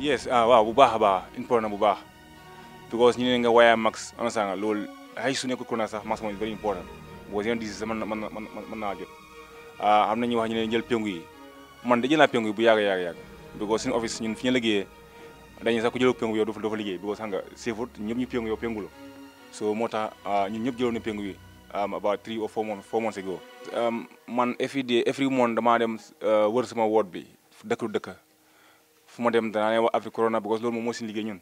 yes ah, waaw bu baax a baax important na bu baax because ñu ne nga waaye max am na saa nga loolu xëy su nekkul corona sax max moom very important because yeneen disease mën na mën na mën naa jot ah am na ñuy wax ñu ne jël péngu yi man da jël naa péngu yi bu yàgg yàgg yàgg because suñu office ñun fi ñu liggéeyee dañuy sax ku jëloo péngu yow doo fa doo fa liggéey because xam nga seefut ñu péngu yow péngu la moo tax ah, ñun ñëpp jëloon na péngu yi um, about three or four months four months ago um, man every day every month damaa dem ah, wër sama ward bi dëkk dëkk fu ma dem danaa ne waa Africorona because loolu moom liggéey ñun